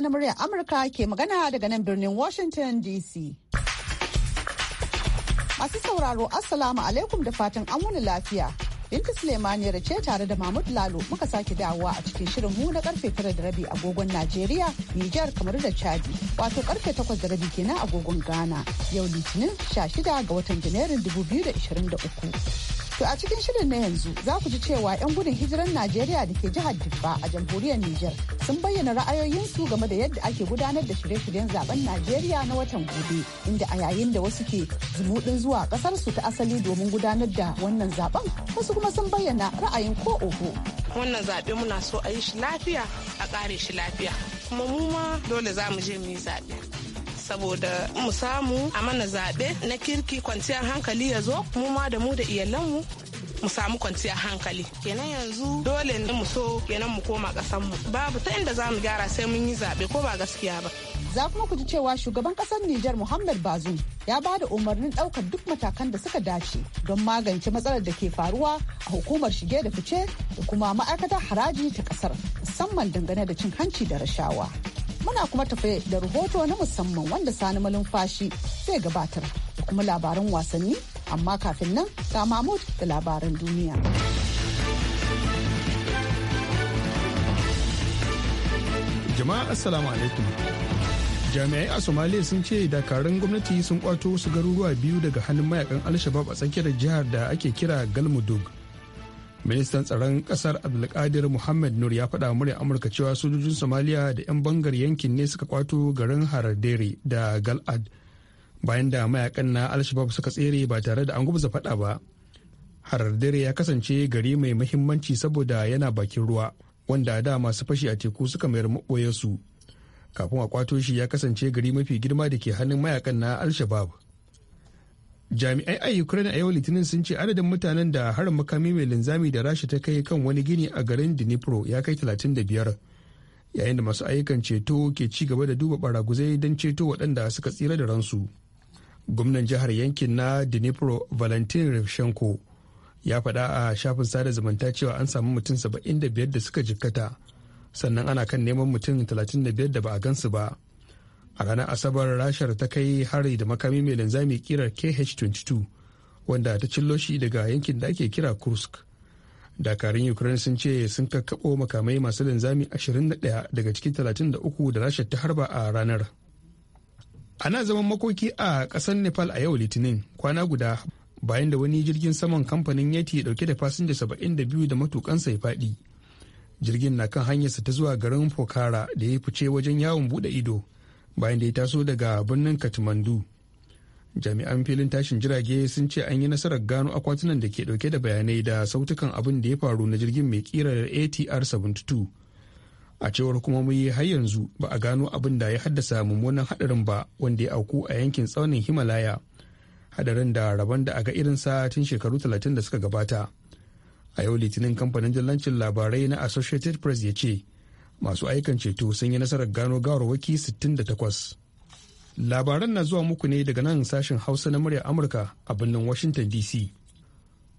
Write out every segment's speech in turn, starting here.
na muryar Amurka ke magana daga nan birnin Washington DC. Masu sauraro Assalamu alaikum da fatan an wani lafiya. Binta Sulemaniyar ce tare da Mahmud Lalo muka sake dawowa a cikin shirin mu na karfe tara da rabi agogon Najeriya, Nijar kamar da Chadi, wato karfe takwas da rabi kenan agogon Ghana. Yau Litinin 16 ga watan Janairun 2023. To a cikin shirin na yanzu za ku ji cewa 'yan gudun hijiran Najeriya da ke jihar Diffa a jamhuriyar Nijar sun bayyana ra'ayoyinsu game da yadda ake gudanar da shirye-shiryen zaben Najeriya na watan gobe inda a yayin da wasu ke zumuɗin zuwa ƙasarsu ta asali domin gudanar da wannan zaben wasu kuma sun bayyana ra'ayin ko oho. Wannan zaɓe muna so a yi shi lafiya a ƙare shi lafiya kuma mu ma dole za mu je mu yi zaɓe. saboda mu samu a mana zaɓe na kirki kwanciyar hankali ya zo mu ma da mu da iyalan mu samu kwanciyar hankali kenan yanzu dole ne mu so kenan mu koma mu babu ta inda zamu gyara sai mun yi zaɓe ko ba gaskiya ba za kuma ku ji cewa shugaban kasar Nijar Muhammad Bazoum ya ba da umarnin ɗaukar duk matakan da suka dace don magance matsalar da ke faruwa a hukumar shige da fice da kuma ma'aikatar haraji ta kasar musamman dangane da cin hanci da rashawa. muna kuma tafe da rahoto na musamman wanda sani malumfashi zai gabatar da kuma labaran wasanni amma kafin nan ga mahmud da labaran duniya jama'a assalamu alaikum jami'ai a somaliya sun ce dakarun gwamnati sun kwato wasu garuruwa biyu daga hannun mayakan alshabab a tsakiyar jihar da ake kira galmudug ministan tsaron kasar abdulkadir muhammad nur ya faɗa murya amurka cewa sojojin somaliya da 'yan bangar yankin ne suka kwato garin haradere da galad bayan da mayakan na alshabab suka tsere ba tare da an gubza faɗa ba haradere ya kasance gari mai muhimmanci saboda yana bakin ruwa wanda da masu fashi a teku suka mayar maɓoyarsu kafin a kwato shi ya kasance gari mafi girma da ke hannun mayakan na alshabab jami'ai a ukraine a yau litinin sun ce adadin mutanen da harin makami mai linzami da rasha ta kai kan wani gini a garin dnipro ya kai 35 yayin da masu ayyukan ceto ke ci gaba da duba baraguzai don ceto waɗanda suka tsira da ransu gwamnan jihar yankin na dnipro valentin revshenko ya faɗa a shafin sada zumunta cewa an samu mutum 75 da suka jikkata sannan ana kan neman mutum 35 da ba a gansu ba a ranar asabar rashar ta kai hari da makami mai linzami kirar kh-22 wanda ta cillo shi daga yankin da ake kira kursk dakarun ukraine sun ce sun kakkaɓo makamai masu linzami 21 daga cikin 33 da rashar ta harba a ranar ana zaman makoki a ƙasar nepal a yau litinin kwana guda bayan da wani jirgin saman kamfanin yeti ya dauke da fasinja 72 da matukansa ya faɗi jirgin na kan hanyarsa ta zuwa garin pokhara da ya fice wajen yawon buɗe ido bayan da ya taso daga birnin katmandu jami'an filin tashin jirage sun ce an yi nasarar gano akwatunan da ke dauke da bayanai da sautukan abin da ya faru na jirgin mai kirar atr 72 a cewar kuma mu yi har yanzu ba a gano abin da ya haddasa mummunan hadarin ba wanda ya auku a yankin tsaunin himalaya hadarin da rabon da aga irinsa tun shekaru talatin da suka gabata a yau litinin kamfanin jallancin labarai na associated press ya ce masu aikan ceto sun yi nasarar gano gawarwaki 68 labaran na zuwa muku ne daga nan sashen hausa na murya amurka a birnin washington dc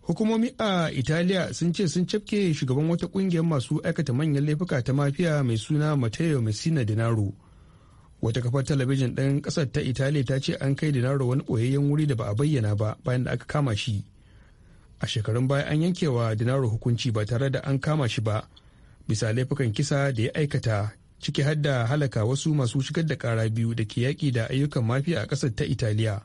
hukumomi a italiya sun ce sun cafke shugaban wata kungiyar masu aikata manyan laifuka ta mafiya mai suna matteo messina denaro wata kafar talabijin ɗan ƙasar ta italiya ta ce an kai denaro wani ɓoyayyen wuri da ba a bayyana ba bayan da aka kama shi a shekarun baya an yankewa denaro hukunci ba tare da an kama shi ba bisa laifukan kisa da ya aikata ciki har da halaka wasu masu shigar da kara biyu da ke yaƙi da ayyukan mafiya a ƙasar ta italiya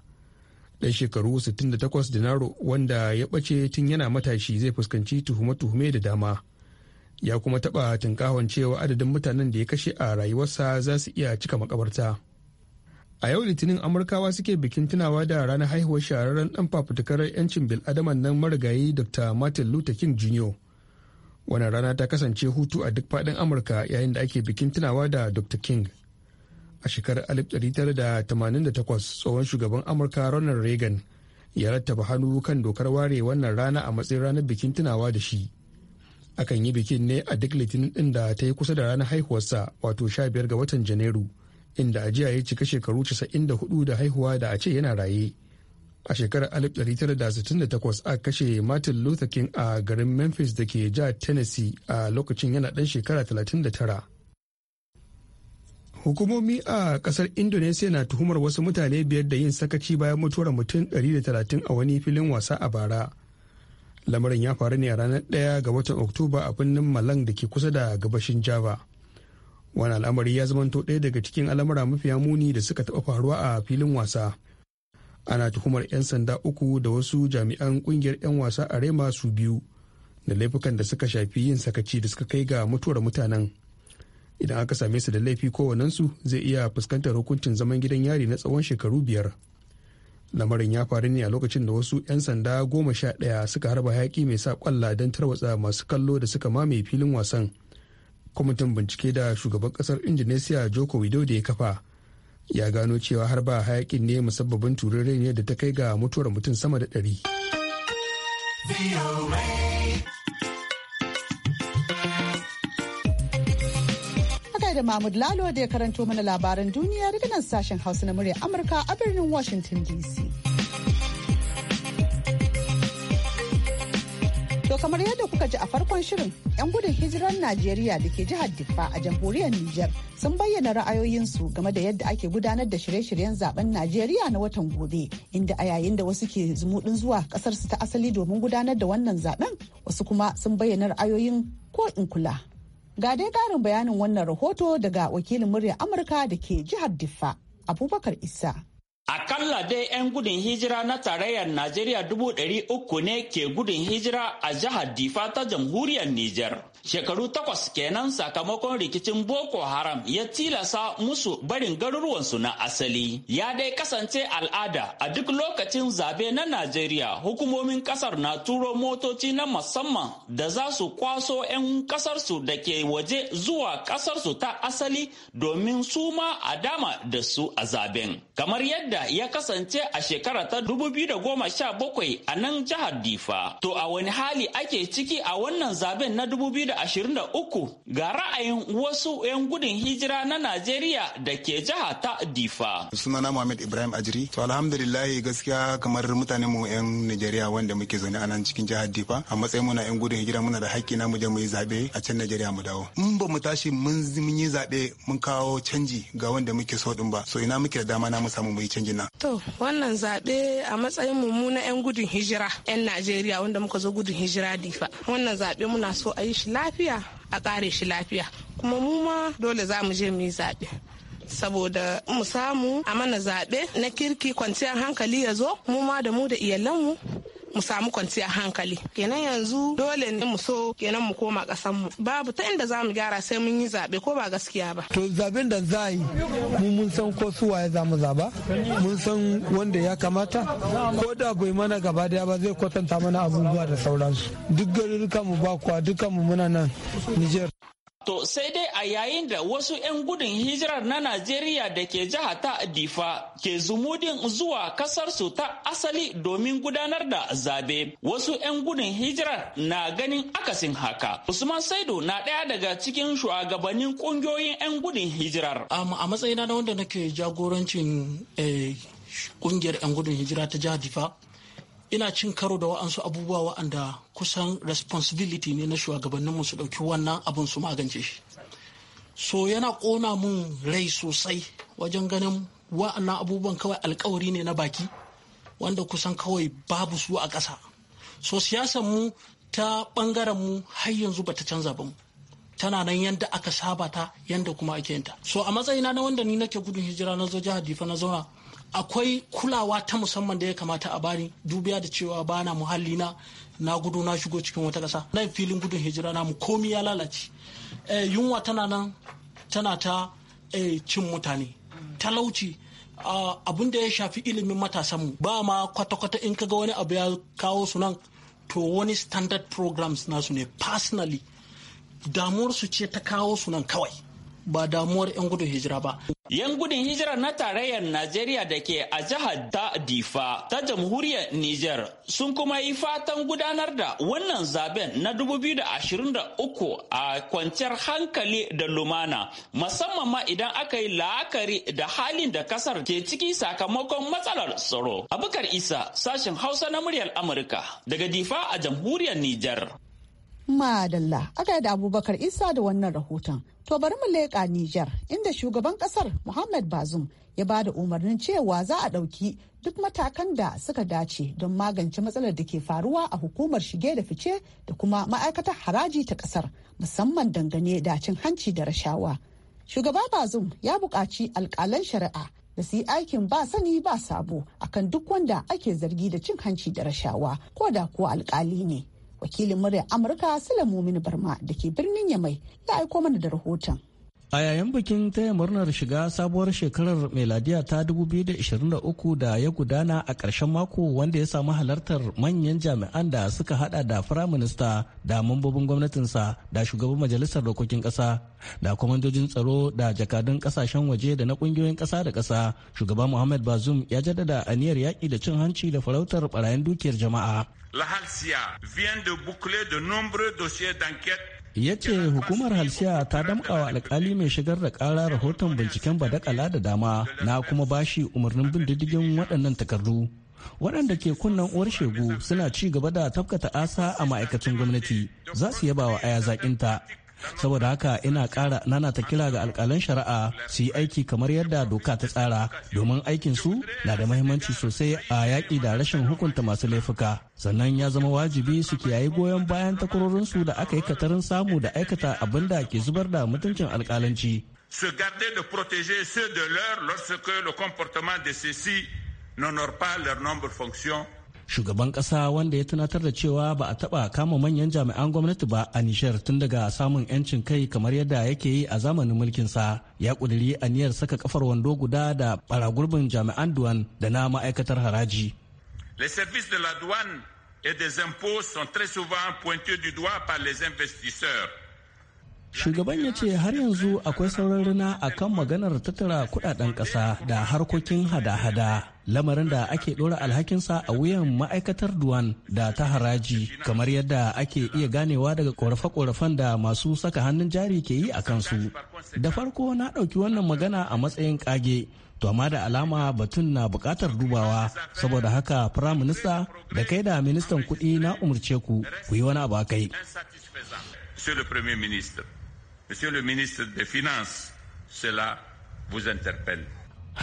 ɗan shekaru 68 dinaro wanda ya ɓace tun yana matashi zai fuskanci tuhume-tuhume da dama ya kuma taɓa tunkahon cewa adadin mutanen da ya kashe a rayuwarsa za su iya cika makabarta a yau litinin amurkawa suke bikin tunawa da ranar haihuwar shahararren ɗan fafutukar 'yancin bil'adaman nan marigayi dr martin luther king jr wannan rana ta kasance hutu a duk faɗin amurka yayin da ake bikin tunawa da dr king a shekarar 1988 tsohon shugaban amurka ronald reagan ya rattaba hannu kan dokar ware wannan rana a matsayin ranar bikin tunawa da shi akan yi bikin ne a duk litinin din da ta yi kusa da ranar haihuwarsa wato 15 ga watan janairu inda ajiya ya cika shekaru 94 da haihuwa da a ce yana raye a shekarar 1968 a kashe martin luther king a garin memphis da ke ja tennessee a lokacin yana ɗan shekara 39 hukumomi a kasar indonesia na tuhumar wasu mutane biyar da yin sakaci bayan mutuwar mutum 130 a wani filin wasa a bara lamarin ya faru ne a ranar 1 ga watan oktoba a birnin malang da ke kusa da gabashin java wani al'amari ya zamanto ɗaya daga cikin al'amura mafiya muni da suka taɓa faruwa a filin wasa ana tuhumar 'yan sanda uku da wasu jami'an kungiyar 'yan wasa a rema su biyu da laifukan da suka shafi yin sakaci da suka kai ga mutuwar mutanen idan aka same su da laifi kowanensu zai iya fuskantar hukuncin zaman gidan yari na tsawon shekaru biyar lamarin ya faru ne a lokacin da wasu 'yan sanda goma sha ɗaya suka harba hayaki mai sa kwalla don tarwatsa masu kallo da suka mamaye filin wasan kwamitin bincike da shugaban ƙasar indonesia joko widodo ya kafa ya gano cewa har ba hayakin ne musabbabin turare ne da ta kai ga mutuwar mutum sama da ɗari. haka da Mahmud Lalo da ya karanto mana labaran duniya daga nan sashen Hausa na murya Amurka a birnin Washington DC. To kamar yadda kuka ji a farkon shirin, 'yan gudun hijirar Najeriya da ke jihar Diffa a jamhuriyar Nijar sun bayyana ra'ayoyinsu game da yadda ake gudanar da shirye-shiryen zaben Najeriya na watan gobe, inda a yayin da wasu ke zumuɗin zuwa ƙasarsu ta asali domin gudanar da wannan zaben, wasu kuma sun bayyana ra'ayoyin ko in kula. Ga dai ƙarin bayanin wannan rahoto daga wakilin Murya Amurka da ke jihar Diffa, Abubakar Isa. Akalla dai 'yan gudun hijira na tarayyar Najeriya dubu ɗari uku ne ke gudun hijira a jihar Difa ta jamhuriyar Nijar. shekaru takwas kenan sakamakon rikicin boko haram ya tilasa musu barin garuruwansu na asali ya dai kasance al'ada a duk lokacin zabe na najeriya hukumomin kasar na turo motoci na musamman da za su kwaso 'yan kasarsu da ke waje zuwa kasarsu ta asali domin su ma a dama da su a zaben kamar yadda ya kasance a shekara ta sha bakwai a nan jihar difa to a wani hali ake ciki a wannan zaben na 2019 da da ashirin uku ga ra'ayin wasu 'yan gudun hijira na Najeriya da ke jiha ta Difa. Sunana Muhammad Ibrahim Ajiri. To alhamdulillah gaskiya kamar mutane mu 'yan Najeriya wanda muke zaune a nan cikin jihar Difa a matsayin muna 'yan gudun hijira muna da haƙƙi na mu je mu yi zaɓe a can Najeriya mu dawo. In ba mu tashi mun yi zaɓe mun kawo canji ga wanda muke so din ba. So ina muke da dama na mu samu mu yi canji na. To wannan zaɓe a matsayin mu mu na 'yan gudun hijira 'yan Najeriya wanda muka zo gudun hijira Difa. Wannan zaɓe muna so a yi shi lafiya a kare shi lafiya kuma mu ma dole za mu je mu yi zaɓe saboda mu samu a mana zaɓe na kirki kwanciyar hankali ya zo mu ma da mu da iyalanmu mu samu kwanciyar hankali kenan yanzu dole ne mu so kenan mu koma kasan mu babu ta inda zamu gyara sai mun yi zabe ko ba gaskiya ba to zaben da za yi mu mun san ko su waye za mu zaba mun san wanda ya kamata ko da bai mana gaba daya ba zai kwatanta mana abubuwa da sauransu duk garurukan mu ba kuwa dukan mu muna nan Niger To sai dai a yayin da wasu 'yan gudun hijirar na Najeriya da ke jiha ta Difa ke zumudin zuwa kasarsu ta asali domin gudanar da zabe. Wasu 'yan gudun hijirar na ganin akasin haka. Usman Saido na ɗaya daga cikin shugabannin ƙungiyoyin 'yan gudun hijirar. A matsayina na wanda nake jagorancin eh, ƙungiyar 'yan gudun hijira ta jiha Difa. ina cin karo da wa'ansu abubuwa wa'anda kusan responsibility ne na shugabanninmu su ɗauki wannan abin su magance shi so yana ƙona mun rai sosai wajen ganin wa'annan abubuwan kawai alkawari ne na baki wanda kusan kawai babu su a ƙasa so siyasar mu ta ɓangaren mu har yanzu ba ta canza ba mu tana nan yadda aka saba ta yadda kuma ake yinta so a matsayina na wanda ni nake gudun hijira na zo jihar difa na zauna akwai kulawa ta musamman da ya kamata a bani dubiya da cewa bana muhalli na na gudu na shigo cikin wata kasa. nan filin gudun hijira na mu komi ya lalace eh, yunwa tana nan tana ta eh, cin mutane talauci ah, abin da ya shafi ilimin matasanmu ba ma kwata-kwata in kaga wani abu ya kawo su nan to wani standard programs nasu ne personally damuwar su ce ta kawo su nan kawai ba damuwar 'yan gudun hijira ba yan gudun hijira na tarayyar Najeriya da ke a jihar ta Difa ta jamhuriyar Nijar sun kuma yi fatan gudanar da wannan zaben na 2023 a kwanciyar hankali da lumana musamman ma idan aka yi la'akari da halin da kasar ke ciki sakamakon matsalar tsaro. Abubakar Isa sashen Hausa na muryar Amurka daga Difa a jamhuriyar Nijar. Madalla, aka da Abubakar Isa da wannan rahoton. To bari mu leƙa Nijar inda shugaban ƙasar Muhammad Bazum ya ba da umarnin cewa za a ɗauki duk matakan da suka dace don magance matsalar da ke faruwa a hukumar shige da fice da kuma ma'aikatar haraji ta ƙasar musamman dangane da cin hanci da rashawa. Shugaba Bazum ya buƙaci alƙalan shari'a da su aikin ba sani ba sabo akan duk wanda ake zargi da cin hanci da rashawa ko da kuwa alƙali ne. wakilin muryar amurka mini barma da ke birnin yamai ya aiko mana da rahoton A yayin bikin taya murnar shiga sabuwar shekarar meladiya ta 2023 da ya gudana a ƙarshen mako wanda ya samu halartar manyan jami'an da suka hada da firaminista da mambobin gwamnatinsa da shugaban majalisar dokokin ƙasa da kwamandojin tsaro da jakadun ƙasashen waje da na ƙungiyoyin ƙasa da ƙasa shugaba muhammad bazum ya jaddada aniyar yaƙi da cin hanci da farautar barayin dukiyar jama'a. La halsiya vient de boucler de nombreux dossiers d'enquête ya ce hukumar halsiya ta wa alkali mai shigar da ƙara rahoton binciken badakala da dama na kuma bashi umarnin bin diddigin waɗannan takardu waɗanda ke kunnen uwar shegu suna ci gaba da tafkata asa a ma'aikacin gwamnati za su yaba wa aya zaƙinta saboda haka ina kara ƙara ta kira ga alƙalan shari'a su yi aiki kamar yadda doka ta tsara domin aikin su na da mahimmanci sosai a yaƙi da rashin hukunta masu laifuka sannan ya zama wajibi su kiyaye goyon bayan takwarorin su da aka yi katarin samu da aikata abin da ke zubar da mutuncin alkalanci Se garder de protéger ceux de leur lorsque le comportement de ceux-ci n'honore pas leur noble fonction shugaban kasa wanda ya tunatar da cewa ba a taba kama manyan jami'an gwamnati ba a nishar tun daga samun yancin kai kamar yadda yake yi a zamanin mulkin sa ya kuduri aniyar saka kafar wando guda da bara gurbin jami'an duwan da na ma'aikatar haraji Les services de la douane et des impôts sont très souvent pointés du doigt par les investisseurs. Shugaban ya ce har yanzu akwai sauran rina a kan maganar tattara kudaden ƙasa da harkokin hada-hada. Lamarin da ake ɗora alhakinsa a wuyan ma'aikatar duwan da ta haraji kamar yadda ake iya ganewa daga ƙorafe-ƙorafen da masu saka hannun jari ke yi a kansu. Da farko na ɗauki wannan magana a matsayin ƙage to amma da alama batun na bukatar dubawa saboda haka firaminista minista da kai da ministan kuɗi na umarce ku ku yi wani abu a kai. Monsieur le ministre des Finances, cela vous interpelle.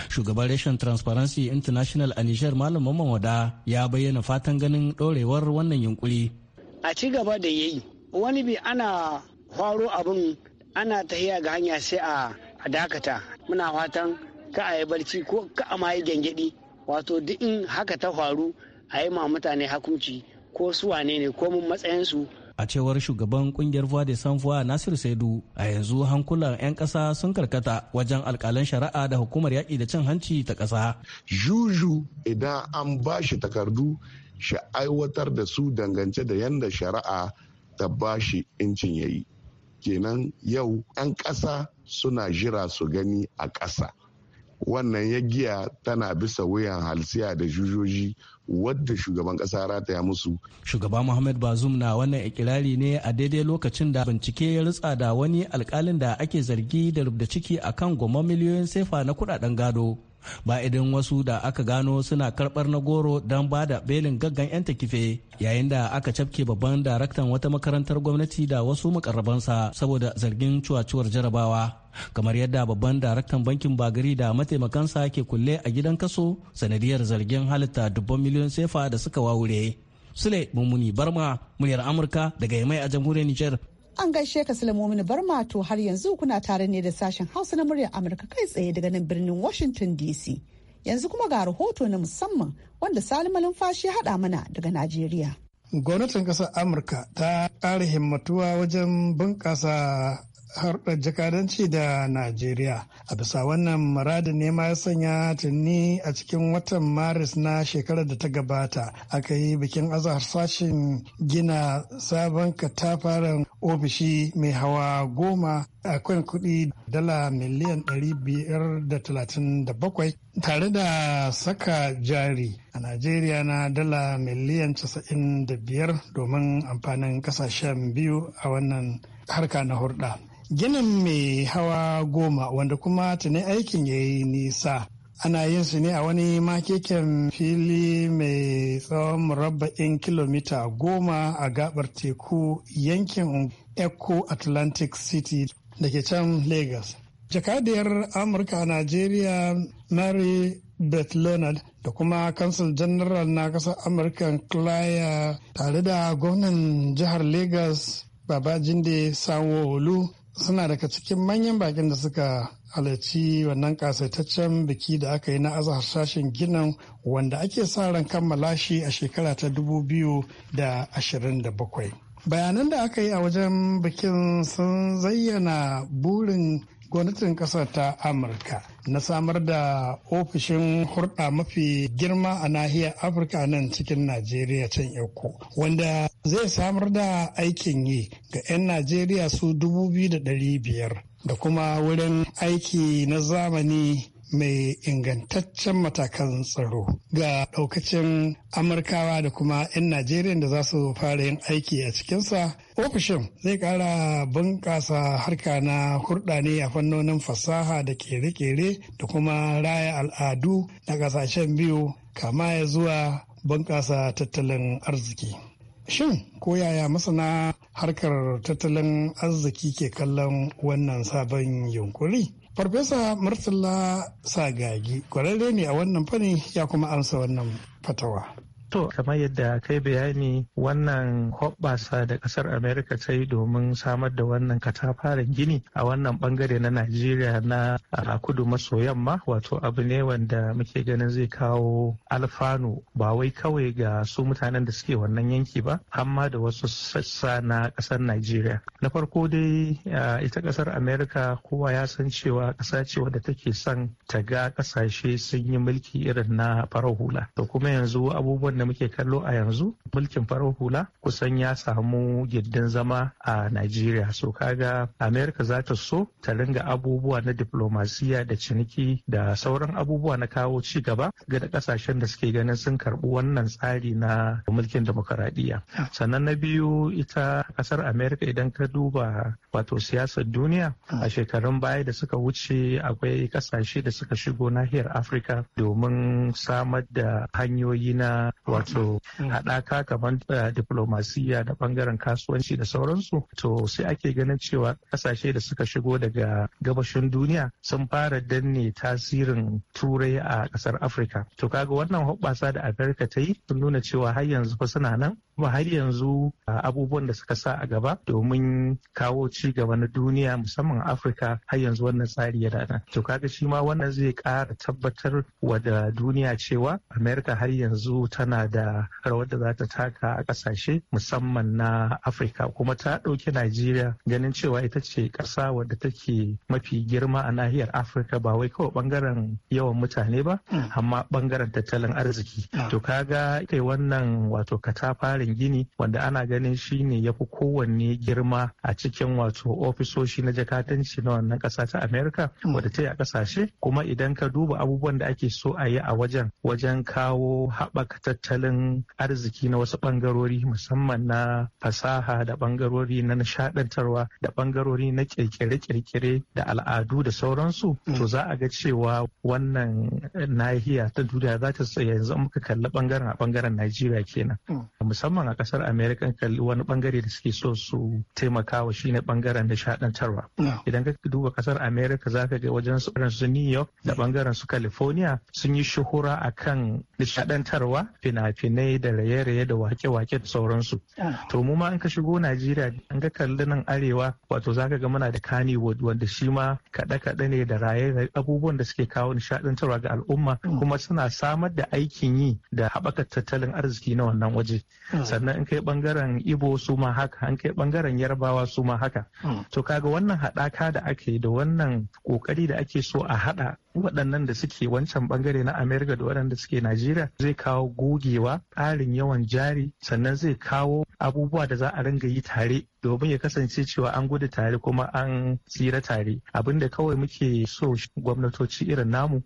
Shugaban reshen Transparency International a Nijar Malam Wada ya bayyana fatan ganin ɗorewar wannan yunkuri. A ci gaba da yayi wani bi ana haro abin ana tahiya ga hanya sai a dakata muna fatan ka a yi barci ko ka a ma gyangyaɗi wato duk in haka ta faru a yi ma mutane hakunci ko su wane ne ko mun matsayinsu a cewar shugaban kungiyar voix de sans voix nasiru saidu a yanzu hankulan 'yan ƙasa sun karkata wajen alƙalan shari'a da hukumar yaƙi da cin hanci ta ƙasa juju idan an ba shi takardu shi aiwatar da su dangance da yadda shari'a ta ba shi incin yayi kenan yau 'yan ƙasa suna jira su gani a ƙasa wannan ya giya tana bisa wuyan halsiya da jujoji wadda shugaban kasa rataya musu. Shugaba Muhammad Bazum na wannan ikirari ne a daidai lokacin da bincike ya rutsa da wani alkalin da ake zargi da rubda ciki akan goma miliyoyin sefa na kudaden gado. ba idan wasu da aka gano suna karbar na goro don ba da belin gaggan 'yan takife yayin da aka cafke babban daraktan wata makarantar gwamnati da wasu makarabansa saboda zargin cuwacuwar jarabawa kamar yadda babban daraktan bankin bagari da mataimakansa ke kulle a gidan kaso sanadiyar zargin halitta dubban miliyon sefa da suka wawure sule mummuni barma muryar amurka daga yamai a jamhuriyar niger An gaishe ka Sulaimu bar mato har yanzu kuna tare ne da sashen Hausa na muryar Amurka kai tsaye daga nan birnin Washington DC. Yanzu kuma ga rahoto na musamman wanda Salim ya haɗa mana daga Najeriya. Gwamnatin ƙasar Amurka ta ƙara himmatuwa wajen bunƙasa harɗar jakadanci da Najeriya. A bisa wannan maradin ne ma ya sanya tuni a cikin watan Maris na shekarar da ta gabata aka yi bikin azahar sashen gina sabon katafaren ofishi mai hawa goma a kan kuɗi dala miliyan 537 tare da saka jari a Najeriya na dala miliyan 95 domin amfanin kasashen biyu a wannan harka na hurɗa. Ginin mai hawa goma wanda kuma tuni aikin ya yi nisa. Ana yin su ne a wani makeken fili mai tsawon murabba'in kilomita goma a gabar teku yankin Eco Atlantic City da ke can Lagos. Jakadiyar Amurka a Najeriya Mary Beth Leonard da kuma kansul janaral na kasar Amurka Claire tare da gwamnan jihar Lagos Babajinde Sanwo-Olu suna daga cikin manyan bakin da suka halarci wannan kasaitaccen biki da aka yi na azahar sashen ginin wanda ake sa ran kammala shi a shekara ta 2027 bayanan da aka yi a wajen bikin sun zayyana burin gwamnatin ƙasar ta amurka na samar da ofishin hurɗa mafi girma a nahiyar afirka nan cikin najeriya can eko wanda zai samar da aikin yi ga 'yan najeriya su dubu biyu da ɗari biyar da kuma wurin aiki na zamani mai ingantaccen matakan tsaro ga daukacin amurkawa da kuma 'yan najeriya da za su fara yin aiki a cikinsa ofishin zai kara bunƙasa harka na hurɗa ne a fannonin fasaha da kere-kere da kuma raya al'adu na ƙasashen biyu kama ya zuwa bunƙasa tattalin arziki shin ko yaya masana harkar tattalin arziki ke kallon wannan sabon yunkuri Farfesa Murtala Sagagi kwararre ne a wannan fanni ya kuma amsa wannan fatawa. To, kamar yadda kai bayani wannan hoɓɓasa da ƙasar Amerika ta yi domin samar da wannan katafaren gini a wannan bangare na Najeriya na kudu maso yamma wato abu ne wanda muke ganin zai kawo alfanu ba wai kawai ga su mutanen da suke wannan yanki ba, amma da wasu sassa na ƙasar Najeriya. Na farko dai ita ƙasar Amerika kowa ya san cewa ƙasa ce wadda take son ta ga ƙasashe sun yi mulki irin na farar hula. To kuma yanzu abubuwan da muke kallo a yanzu mulkin farar hula kusan ya samu gindin zama a Najeriya. So kaga Amerika za ta so ta ringa abubuwa na diplomasiya da ciniki da sauran abubuwa na kawo ci gaba ga da kasashen da suke ganin sun karbi wannan tsari na mulkin demokaradiyya. Ah. Sannan na biyu ita kasar Amerika idan ka duba wato siyasar duniya ah. a shekarun baya da suka wuce akwai kasashe da suka shigo nahiyar Afirka domin samar da hanyoyi na wato haɗaka kamar eh, diplomasiya da bangaren kasuwanci da sauransu to sai ake ganin cewa ƙasashe da suka shigo daga gabashin duniya sun fara danne tasirin turai a ƙasar afirka to kaga wannan hoɓɓasa da afirka ta yi sun nuna cewa har yanzu fa suna nan kuma har yanzu eh, abubuwan da suka sa a gaba domin kawo ci gaba na duniya musamman afirka har yanzu wannan tsari yana nan to kaga shi ma wannan zai ƙara tabbatar wa da duniya cewa amerika har yanzu tana da rawar da za ta taka a kasashe musamman na afirka kuma ta ɗauki najeriya ganin cewa ita ce ƙasa wadda take mafi girma a nahiyar afirka ba wai kawai bangaren yawan mutane ba hmm. amma bangaren tattalin arziki hmm. to kaga kai wannan wato katafarin gini wanda ana ganin shi ne ya fi kowanne girma a cikin wato ofisoshi na jakatanci na wannan ƙasa ta amerika hmm. wadda ta yi a ƙasashe kuma idan ka duba abubuwan da ake so a yi a wajen wajen kawo haɓaka tattalin arziki na wasu bangarori musamman na fasaha da bangarori na nishadantarwa da bangarori na kirkire-kirkire da al'adu da sauransu mm. to za a ga cewa wannan nahiya ta duniya za ta tsaye yanzu muka kalli bangaren a bangaren Najeriya kenan mm. musamman a kasar America kalli wani bangare da suke so su taimaka wa shine bangaren nishadantarwa mm. idan ka duba kasar America za ka ga wajen su su New York da bangaren su California sun yi shuhura akan nishadantarwa fina-finai da raye-raye da wake-wake da sauransu ah. to mu ma an ka shigo najeriya an ga kalli nan arewa wato zaka ga muna da kani wanda shi ma kaɗe-kaɗe ne da raye abubuwan da suke kawo nishaɗantarwa ga al'umma mm. kuma suna samar da aikin yi da haɓaka tattalin arziki na wannan waje mm. sannan in kai bangaren ibo su ma haka an kai bangaren yarbawa su ma haka mm. to kaga wannan haɗaka da ake da wannan ƙoƙari da ake so a haɗa waɗannan da suke wancan bangare na america da waɗanda suke najeriya zai kawo gogewa ƙarin yawan jari sannan zai kawo abubuwa da za a ringa yi tare domin ya kasance cewa an gudu tare kuma an tsira tare abinda kawai muke so gwamnatoci irin namu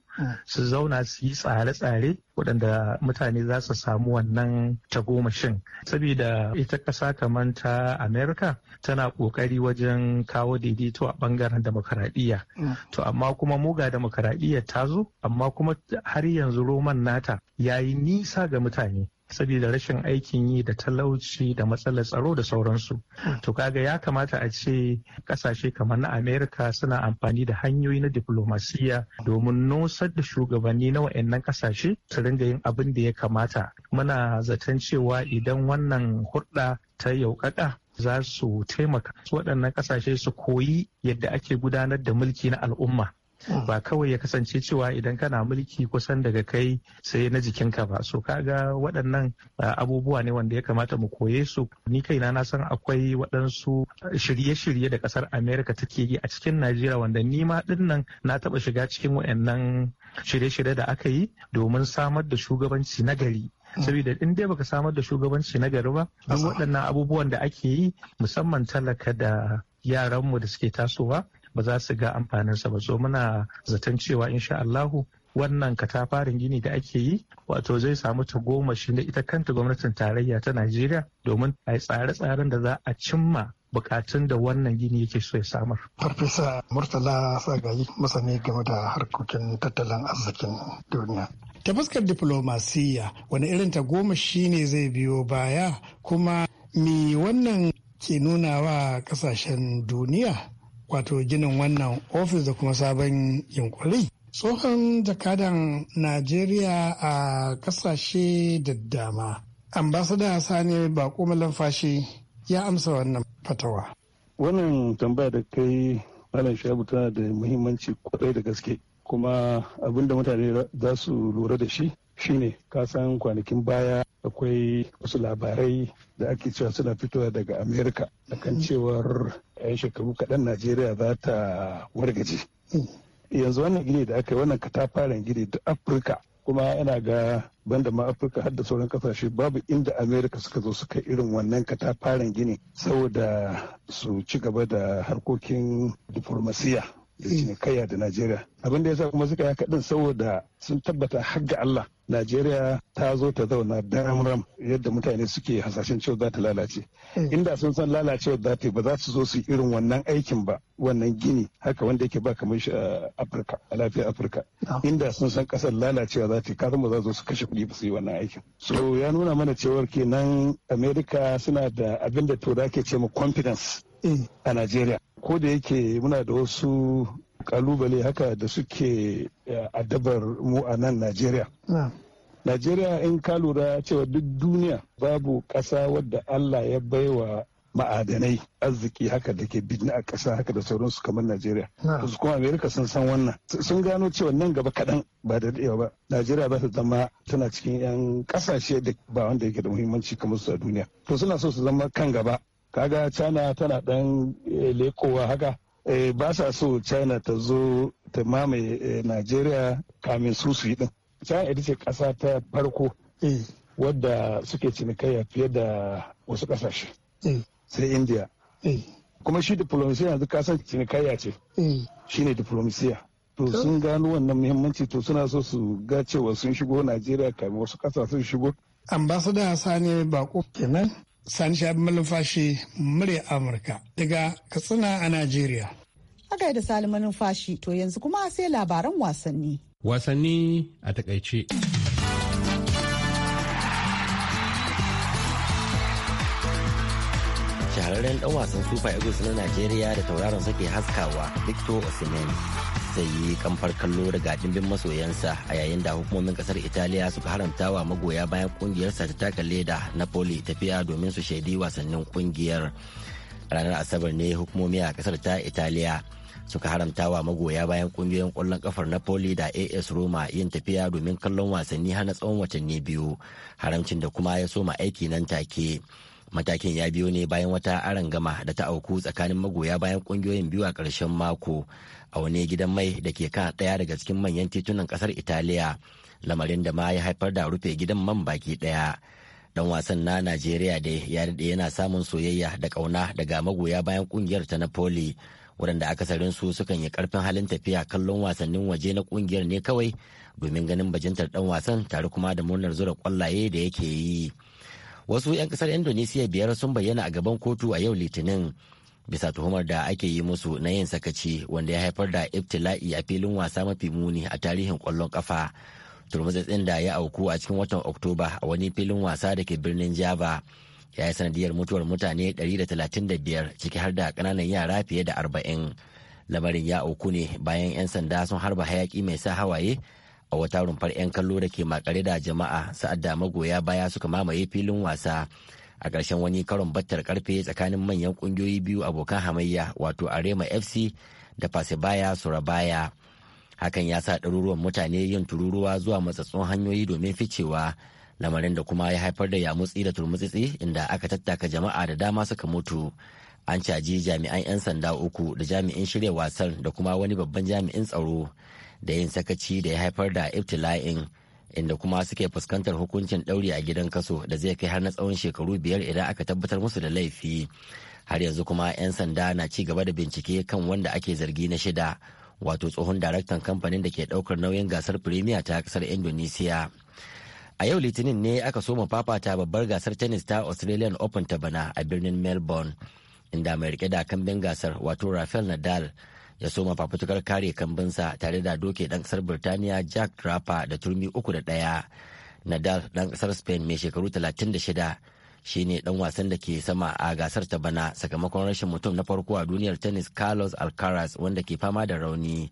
su zauna su yi tsare-tsare waɗanda mutane za su samu wannan tagomashin saboda ita ƙasa kamar ta america tana ƙoƙari wajen kawo daidaito a ɓangaren demokaradiyya to amma kuma muga demokaradiyya ta zo amma kuma har yanzu roman nata ya yi nisa ga mutane saboda rashin aikin yi da talauci da matsalar tsaro da sauransu to kaga ya kamata a ce kasashe kamar na Amerika suna amfani da hanyoyi na diplomasiya domin nosar da shugabanni na wa'annan kasashe su ringa yin abin da ya kamata muna zaton cewa idan wannan hurɗa ta yaukaka za su taimaka waɗannan kasashe su koyi yadda ake gudanar da mulki na al'umma ba kawai ya kasance cewa idan kana mulki kusan daga kai sai na jikinka ba so kaga waɗannan ah, abubuwa ne wanda ya kamata mu koye su ni kaina na san akwai waɗansu shirye-shirye da ƙasar america take yi a cikin najeriya wanda ni ma na taɓa shiga cikin waɗannan shirye-shirye da aka yi domin samar da shugabanci na gari saboda in dai baka samar da shugabanci na gari ba duk waɗannan abubuwan da ake yi musamman talaka da yaranmu da suke tasowa ba za su ga amfanin amfaninsa ba so muna zaton cewa insha Allahu wannan katafarin gini da ake yi wato zai samu ta goma shi da ita kanta gwamnatin tarayya ta Najeriya domin a yi tsare-tsaren da za a cimma bukatun da wannan gini yake so ya samar. Farfesa Murtala Sagayi masani game da harkokin tattalin arzikin duniya. Ta fuskar diflomasiyya wani irin ta goma shi ne zai biyo baya kuma me wannan ke nuna wa kasashen duniya wato ginin wannan ofis da kuma sabon yunkuri tsohon jakadan najeriya a kasashe da dama ambasada sani bako malamfashi ya amsa wannan fatawa wannan tambaya da kai malam shabu tana da muhimmanci kwarai da gaske kuma abinda mutane za su lura da shi shine kasan kwanakin baya akwai wasu labarai da ake cewa suna fitowa daga amerika akan cewar 'yan shekaru kaɗan najeriya za ta wargaje yanzu wannan gini da aka yi wannan katafaren gini da afirka kuma yana ga banda ma afirka har da sauran kasashe babu inda amerika suka zo suka irin wannan katafaren gini saboda su ci gaba da harkokin diplomasiya da cinikayya da Najeriya. Abin da ya sa kuma suka yi haka saboda sun tabbata har ga Allah Najeriya ta zo ta zauna daram yadda mutane suke hasashen cewa za ta lalace. Eh. Inda sun san lalacewar za ta ba za su zo su irin wannan aikin ba wannan gini haka wanda yake ba kamar shi a Afirka a lafiyar Afirka. Inda sun san kasar lalacewa za ta ka zama za su kashe kuɗi ba su yi wannan aikin. So ya nuna mana cewar kenan Amerika suna da abin da tura ke ce ma confidence. a Najeriya. Ko da yake muna da wasu kalubale haka da suke eh, addabar mu a nan Najeriya. Najeriya in ka lura cewa duk duniya babu ƙasa wadda Allah ya baiwa ma'adanai arziki haka da ke bidni a ƙasa haka da sauransu kamar Najeriya. Su kuma Amerika sun san wannan. Sun gano cewa nan gaba kaɗan ba da daɗewa ba. Najeriya ba ta zama tana cikin 'yan ƙasashe ba wanda yake da muhimmanci kamar su a duniya. To suna so su zama kan gaba kaga china tana dan eh, lekowa haka eh, ba sa so china ta zo ta mamaye eh, nigeria kamin su su yi din china ita ce kasa ta farko wadda suke cinikayya fiye da wasu kasashe sai india kuma shi diplomasiya yanzu kasan cinikayya ce Shi ne diplomasiya to sun gano wannan muhimmanci to suna so su ga cewa sun shigo najeriya kamin wasu kasashen shigo ambasada sani bako kenan Sani Shabi Malumfashi murya Amurka daga Katsina a Najeriya. Aka yi da sali Malumfashi to yanzu kuma sai labaran wasanni. Wasanni a takaice. Shahararren ɗan wasan Super Eagles na Najeriya da tauraron sake haskawa Victor Osimhen yi kamfar kallo daga jimbin masoyansa a yayin da hukumomin kasar italiya suka haramta wa magoya bayan kungiyarsa ta taka leda napoli tafiya domin su shaidi wasannin kungiyar ranar asabar ne hukumomi a kasar ta italiya suka haramta wa magoya bayan kungiyoyin kwallon kafar napoli da as roma yin tafiya domin kallon wasanni har na tsawon watanni biyu haramcin da kuma ya soma aiki nan take matakin ya biyo ne bayan wata arangama da ta auku tsakanin magoya bayan kungiyoyin biyu a ƙarshen mako a wani gidan mai da ke kan ɗaya daga cikin manyan titunan ƙasar italiya lamarin da ma ya haifar da rufe gidan man baki ɗaya dan wasan na najeriya dai ya daɗe yana samun soyayya da ƙauna daga magoya bayan kungiyar ta napoli waɗanda akasarin su sukan yi ƙarfin halin tafiya kallon wasannin waje na ƙungiyar ne kawai domin ganin bajintar ɗan wasan tare kuma da murnar zura ƙwallaye da yake yi wasu 'yan kasar indonesiya biyar sun bayyana a gaban kotu a yau litinin bisa tuhumar da ake yi musu na yin sakaci wanda ya haifar da ibtila'i a filin wasa mafi muni a tarihin kwallon kafa turmutsatsin da ya auku a cikin watan oktoba a wani filin wasa da ke birnin java ya yi sanadiyar mutuwar mutane 135 ciki har da kananan yara fiye da 40 lamarin ya auku ne bayan 'yan sanda sun harba hayaki mai sa hawaye a wata rumfar 'yan kallo da ke makare da jama'a sa'ad da magoya baya suka mamaye filin wasa a ƙarshen wani karon battar karfe tsakanin manyan ƙungiyoyi biyu abokan hamayya wato arema fc da fasibaya surabaya hakan ya sa ɗaruruwan mutane yin tururuwa zuwa matsatsun hanyoyi domin ficewa lamarin da kuma ya haifar da yamutsi da turmutsitsi inda aka tattaka jama'a da dama suka mutu an caji jami'an 'yan sanda uku da jami'in shirya wasan da kuma wani babban jami'in tsaro da yin sakaci da ya haifar da ibtila'in inda kuma suke fuskantar hukuncin ɗauri a gidan kaso da zai kai har na tsawon shekaru biyar idan aka tabbatar musu da laifi har yanzu kuma 'yan sanda na ci gaba da bincike kan wanda ake zargi na shida wato tsohon daraktan kamfanin da ke ɗaukar nauyin gasar firimiya ta kasar indonesia. a yau litinin ne aka soma fafata babbar gasar tennis ta australian open ta bana a birnin melbourne inda mai rike da kambin gasar wato rafael nadal ya soma fafutukar kare kambinsa tare da doke dan kasar Birtaniya Jack Draper da turmi uku da ɗaya. Nadal dan kasar Spain mai shekaru 36 shi ne dan wasan da ke sama a gasar ta bana sakamakon rashin mutum na farko a duniyar tennis Carlos Alcaraz wanda ke fama da rauni.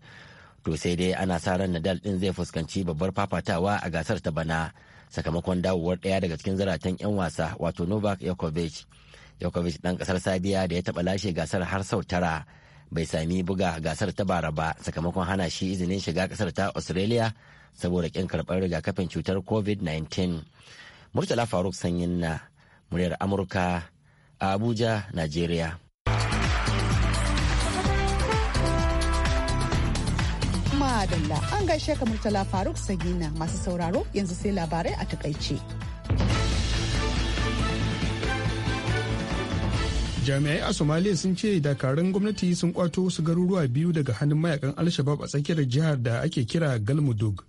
To sai dai ana sa ran Nadal din zai fuskanci babbar fafatawa a gasar ta bana sakamakon dawowar ɗaya daga cikin zaratan 'yan wasa wato Novak Djokovic. Djokovic dan kasar Sabiya da ya taɓa lashe gasar har sau tara. bai sami buga gasar ta bara ba sakamakon hana shi izinin shiga kasar ta australia saboda kin karɓar rigakafin cutar covid-19 murtala faruk sanyin na muryar amurka a abuja nigeria madalla an gaishe ka murtala faruk sagina masu sauraro yanzu sai labarai a takaice jami'ai a somaliya sun ce dakarun gwamnati sun kwato su garuruwa biyu daga hannun mayakan alshabab a tsakiyar jihar da ake kira galmudug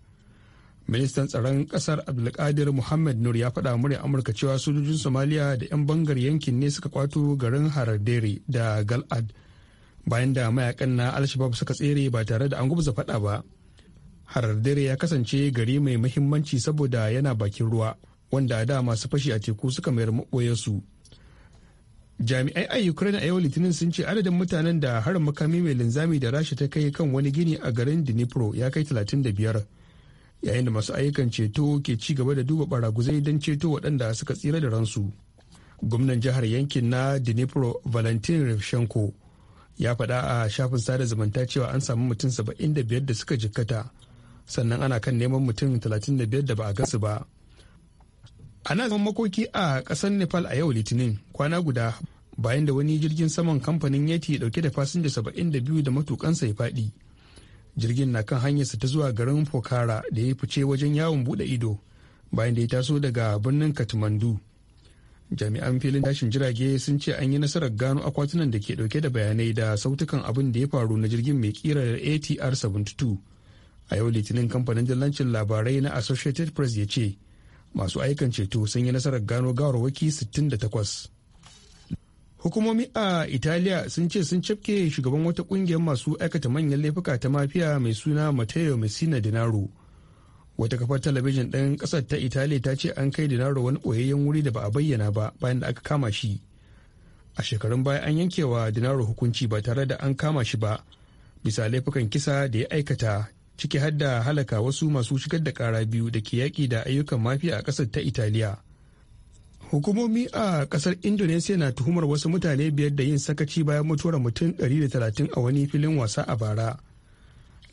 ministan tsaron kasar abdulkadir muhammad nur ya faɗa murya amurka cewa sojojin somaliya da 'yan bangar yankin ne suka kwato garin haradere da galad bayan da mayakan na alshabab suka tsere ba tare da an gubza faɗa ba haradere ya kasance gari mai muhimmanci saboda yana bakin ruwa wanda da masu fashi a teku suka mayar maɓoyarsu su jami'ai a ukraine a yau litinin sun ce adadin mutanen da harin makami mai linzami da rasha ta kai kan wani gini a garin dnipro ya kai 35 yayin da masu ayyukan ceto ke ci gaba da duba baraguzai don ceto waɗanda suka tsira da ransu gwamnan jihar yankin na dnipro valentin revshenko ya faɗa a shafin sada zumunta cewa an samu mutum 75 da suka jikkata sannan ana kan neman mutum 35 da ba a gasu ba ana zaman makoki a ƙasar nepal a yau litinin kwana guda bayan da wani jirgin saman kamfanin yeti dauke da fasinja 72 da matukansa ya faɗi jirgin na kan hanyarsa ta zuwa garin pokhara da ya fice wajen yawon bude ido bayan da ya taso daga birnin katmandu jami'an filin tashin jirage sun ce an yi nasarar gano akwatunan da ke dauke da bayanai da sautukan abin da ya faru na jirgin mai kirar atr 72 a yau litinin kamfanin dillancin labarai na associated press ya ce masu aikan ceto sun yi nasarar gano gawarwaki 68 hukumomi a italiya sun ce sun cafke shugaban wata kungiyar masu aikata manyan laifuka ta mafiya mai suna matteo messina denaro wata kafar talabijin ɗan ƙasar ta italiya ta ce an kai denaro wani ɓoyayyen wuri da ba a bayyana ba bayan da aka kama shi a shekarun baya an yankewa denaro hukunci ba tare da an kama shi ba bisa laifukan kisa da ya aikata ciki har da halaka wasu masu shigar da kara biyu da ke yaƙi da ayyukan mafiya a ƙasar ta italiya hukumomi a ƙasar indonesia na tuhumar wasu mutane biyar da yin sakaci bayan mutuwar mutum 130 a wani filin wasa a bara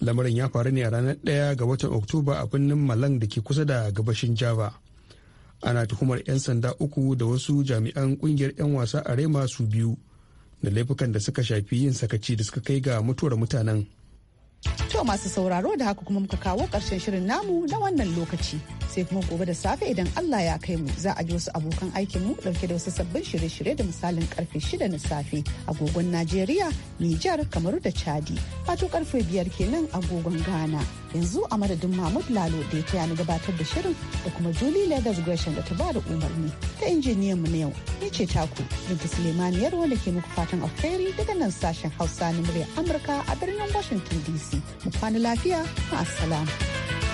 lamarin ya faru ne a ranar ɗaya ga watan oktoba a birnin malang da ke kusa da gabashin java ana tuhumar 'yan sanda uku da wasu jami'an ƙungiyar 'yan wasa a rema su biyu da laifukan da suka shafi yin sakaci da suka kai ga mutuwar mutanen To masu sauraro da haka kuma muka kawo ƙarshen shirin namu na wannan lokaci. sai kuma gobe da safe idan Allah ya kai mu za a ji wasu abokan aikin mu dauke da wasu sabbin shirye-shirye da misalin karfe shida na safe agogon Najeriya, Nijar, Kamaru da Chadi. Wato karfe 5 kenan agogon Ghana. Yanzu a madadin Mahmud Lalo da ya taya ni gabatar da shirin da kuma Julie legas Gresham da ta ba da umarni ta injiniyan mu na yau. Ni ce taku Binta Sulemaniyar wanda ke muku fatan alheri daga nan sashen Hausa na muryar Amurka a birnin Washington DC. Mu kwana lafiya, ma'assalam.